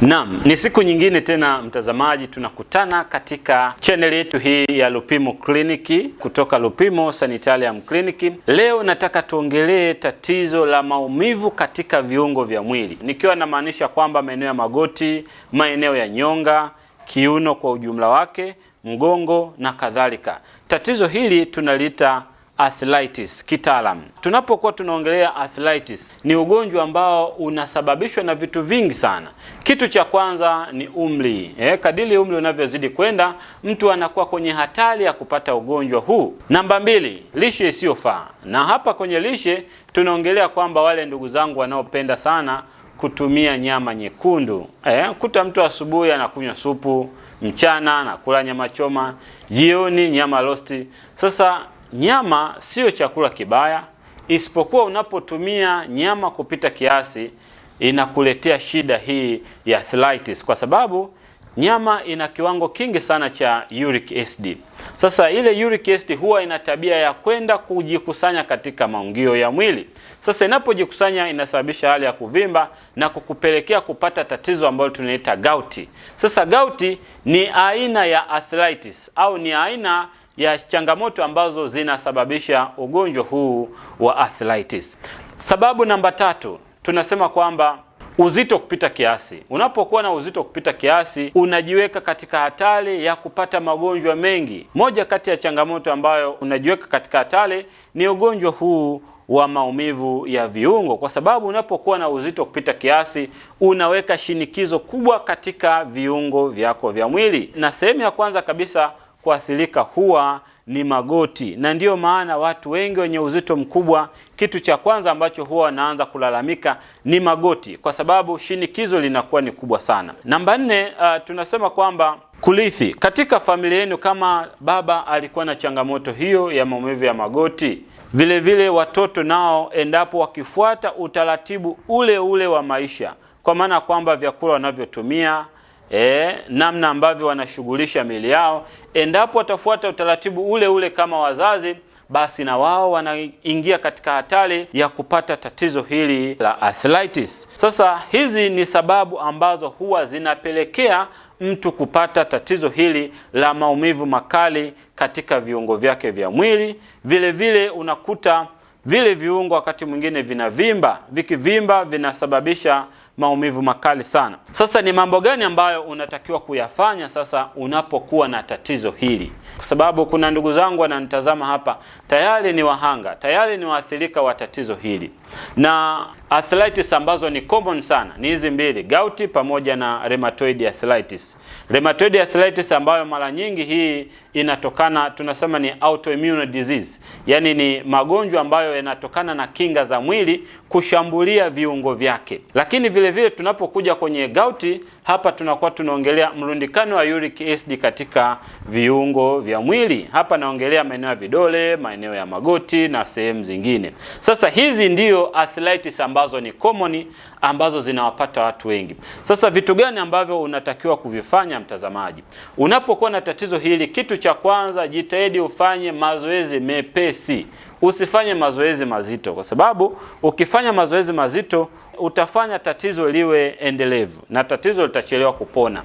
Naam, ni siku nyingine tena mtazamaji, tunakutana katika chaneli yetu hii ya Lupimo Kliniki kutoka Lupimo Sanitarium Clinic. Leo nataka tuongelee tatizo la maumivu katika viungo vya mwili, nikiwa namaanisha kwamba maeneo ya magoti, maeneo ya nyonga, kiuno kwa ujumla wake, mgongo na kadhalika. Tatizo hili tunaliita arthritis kitaalam. Tunapokuwa tunaongelea arthritis, ni ugonjwa ambao unasababishwa na vitu vingi sana. Kitu cha kwanza ni umri. Eh, kadili umri unavyozidi kwenda, mtu anakuwa kwenye hatari ya kupata ugonjwa huu. Namba mbili, lishe isiyofaa, na hapa kwenye lishe tunaongelea kwamba wale ndugu zangu wanaopenda sana kutumia nyama nyekundu eh, kuta mtu asubuhi anakunywa supu, mchana anakula nyama choma, jioni nyama losti. Sasa nyama siyo chakula kibaya, isipokuwa unapotumia nyama kupita kiasi inakuletea shida hii ya arthritis, kwa sababu nyama ina kiwango kingi sana cha uric acid. Sasa ile uric acid huwa ina tabia ya kwenda kujikusanya katika maungio ya mwili. Sasa inapojikusanya inasababisha hali ya kuvimba na kukupelekea kupata tatizo ambalo tunaita gauti. Sasa gauti ni aina ya arthritis au ni aina ya changamoto ambazo zinasababisha ugonjwa huu wa arthritis. Sababu namba tatu tunasema kwamba uzito kupita kiasi. Unapokuwa na uzito kupita kiasi, unajiweka katika hatari ya kupata magonjwa mengi. Moja kati ya changamoto ambayo unajiweka katika hatari ni ugonjwa huu wa maumivu ya viungo, kwa sababu unapokuwa na uzito kupita kiasi, unaweka shinikizo kubwa katika viungo vyako vya mwili, na sehemu ya kwanza kabisa kuathirika huwa ni magoti, na ndiyo maana watu wengi wenye uzito mkubwa, kitu cha kwanza ambacho huwa wanaanza kulalamika ni magoti, kwa sababu shinikizo linakuwa ni kubwa sana. Namba nne, uh, tunasema kwamba kurithi katika familia yenu, kama baba alikuwa na changamoto hiyo ya maumivu ya magoti, vile vile watoto nao, endapo wakifuata utaratibu ule ule wa maisha, kwa maana kwamba vyakula wanavyotumia e, namna ambavyo wanashughulisha miili yao. Endapo watafuata utaratibu ule ule kama wazazi, basi na wao wanaingia katika hatari ya kupata tatizo hili la arthritis. Sasa hizi ni sababu ambazo huwa zinapelekea mtu kupata tatizo hili la maumivu makali katika viungo vyake vya mwili. Vile vile unakuta vile viungo wakati mwingine vinavimba, vikivimba vinasababisha maumivu makali sana. Sasa ni mambo gani ambayo unatakiwa kuyafanya sasa unapokuwa na tatizo hili? Kwa sababu kuna ndugu zangu wananitazama hapa, tayari ni wahanga, tayari ni waathirika wa tatizo hili, na arthritis ambazo ni common sana ni hizi mbili, gauti pamoja na rheumatoid arthritis. Rheumatoid arthritis ambayo mara nyingi hii inatokana tunasema ni autoimmune disease, yaani ni magonjwa ambayo yanatokana na kinga za mwili kushambulia viungo vyake. Lakini vile vile tunapokuja kwenye gauti hapa tunakuwa tunaongelea mrundikano wa uric acid katika viungo vya mwili. Hapa naongelea maeneo ya vidole, maeneo ya magoti na sehemu zingine. Sasa hizi ndiyo arthritis ambazo ni common, ambazo zinawapata watu wengi. Sasa vitu gani ambavyo unatakiwa kuvifanya mtazamaji unapokuwa na tatizo hili? Kitu cha kwanza, jitahidi ufanye mazoezi mepesi usifanye mazoezi mazito, kwa sababu ukifanya mazoezi mazito utafanya tatizo liwe endelevu na tatizo litachelewa kupona.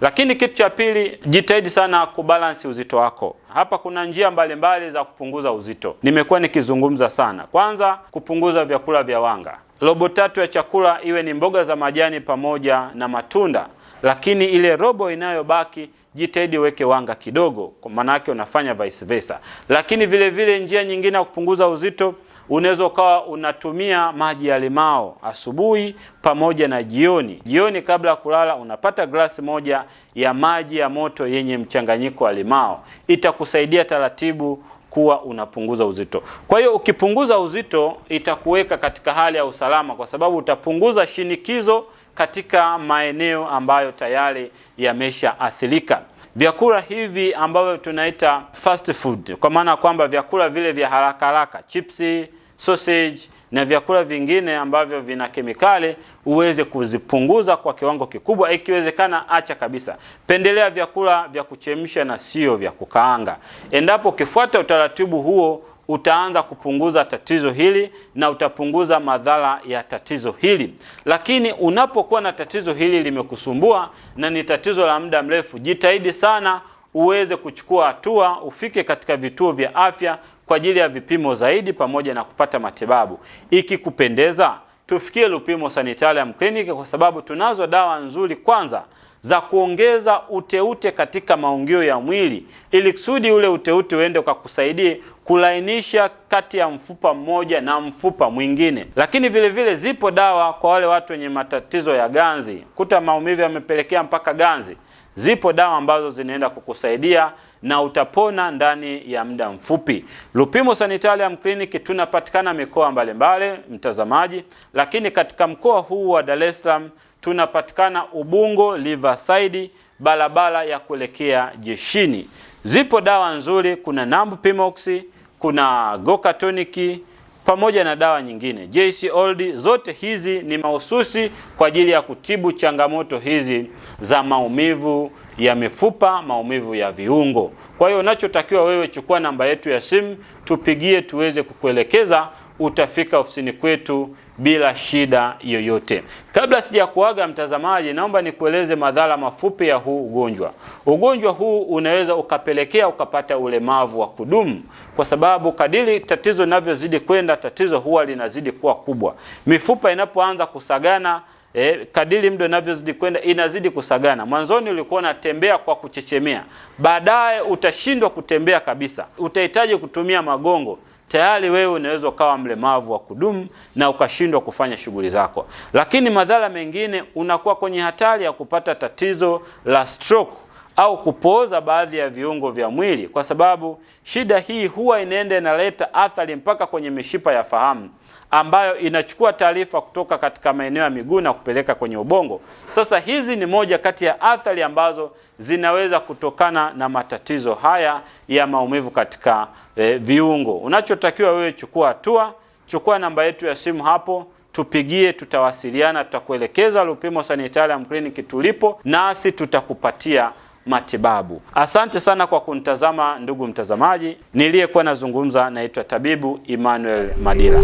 Lakini kitu cha pili, jitahidi sana kubalansi uzito wako. Hapa kuna njia mbalimbali mbali za kupunguza uzito, nimekuwa nikizungumza sana. Kwanza, kupunguza vyakula vya wanga robo tatu ya chakula iwe ni mboga za majani pamoja na matunda, lakini ile robo inayobaki jitahidi weke wanga kidogo, kwa maana yake unafanya vice versa. Lakini vile vile njia nyingine ya kupunguza uzito unaweza ukawa unatumia maji ya limao asubuhi pamoja na jioni. Jioni kabla ya kulala, unapata glasi moja ya maji ya moto yenye mchanganyiko wa limao, itakusaidia taratibu kuwa unapunguza uzito. Kwa hiyo ukipunguza uzito itakuweka katika hali ya usalama, kwa sababu utapunguza shinikizo katika maeneo ambayo tayari yameshaathirika. Vyakula hivi ambavyo tunaita fast food, kwa maana kwamba vyakula vile vya haraka haraka, chipsi sausage na vyakula vingine ambavyo vina kemikali uweze kuzipunguza kwa kiwango kikubwa. Ikiwezekana acha kabisa, pendelea vyakula vya kuchemsha na sio vya kukaanga. Endapo ukifuata utaratibu huo, utaanza kupunguza tatizo hili na utapunguza madhara ya tatizo hili. Lakini unapokuwa na tatizo hili limekusumbua na ni tatizo la muda mrefu, jitahidi sana uweze kuchukua hatua, ufike katika vituo vya afya kwa ajili ya vipimo zaidi pamoja na kupata matibabu. Ikikupendeza, tufikie Lupimo Sanitarium Clinic kwa sababu tunazo dawa nzuri kwanza za kuongeza uteute katika maungio ya mwili ili kusudi ule uteute uende ukakusaidie kulainisha kati ya mfupa mmoja na mfupa mwingine. Lakini vile vile zipo dawa kwa wale watu wenye matatizo ya ganzi, kuta maumivu yamepelekea mpaka ganzi. Zipo dawa ambazo zinaenda kukusaidia na utapona ndani ya muda mfupi. Lupimo Sanitarium Clinic tunapatikana mikoa mbalimbali, mtazamaji, lakini katika mkoa huu wa Dar es Salaam tunapatikana Ubungo Riverside, barabara ya kuelekea jeshini. Zipo dawa nzuri, kuna Nambu Pimox, kuna Gokatoniki pamoja na dawa nyingine JC Old. Zote hizi ni mahususi kwa ajili ya kutibu changamoto hizi za maumivu ya mifupa, maumivu ya viungo. Kwa hiyo unachotakiwa wewe, chukua namba yetu ya simu, tupigie tuweze kukuelekeza utafika ofisini kwetu bila shida yoyote. Kabla kuaga, mtazamaji, naomba nikueleze madhara mafupi ya huu ugonjwa. Ugonjwa huu unaweza ukapelekea ukapata ulemavu wa kudumu, kwa sababu kadiri tatizo linavyozidi kwenda, tatizo huwa linazidi kuwa kubwa. Mifupa inapoanza kusagana Eh, kadiri mdo inavyozidi kwenda inazidi kusagana. Mwanzoni ulikuwa unatembea kwa kuchechemea, baadaye utashindwa kutembea kabisa, utahitaji kutumia magongo tayari wewe unaweza ukawa mlemavu wa kudumu na ukashindwa kufanya shughuli zako. Lakini madhara mengine, unakuwa kwenye hatari ya kupata tatizo la stroke au kupooza baadhi ya viungo vya mwili, kwa sababu shida hii huwa inaenda inaleta athari mpaka kwenye mishipa ya fahamu ambayo inachukua taarifa kutoka katika maeneo ya miguu na kupeleka kwenye ubongo. Sasa hizi ni moja kati ya athari ambazo zinaweza kutokana na matatizo haya ya maumivu katika e, viungo. Unachotakiwa wewe, chukua hatua, chukua namba yetu ya simu hapo tupigie, tutawasiliana, tutakuelekeza Lupimo Sanitarium Clinic tulipo, nasi tutakupatia matibabu. Asante sana kwa kunitazama ndugu mtazamaji, niliyekuwa nazungumza naitwa Tabibu Emmanuel Madira.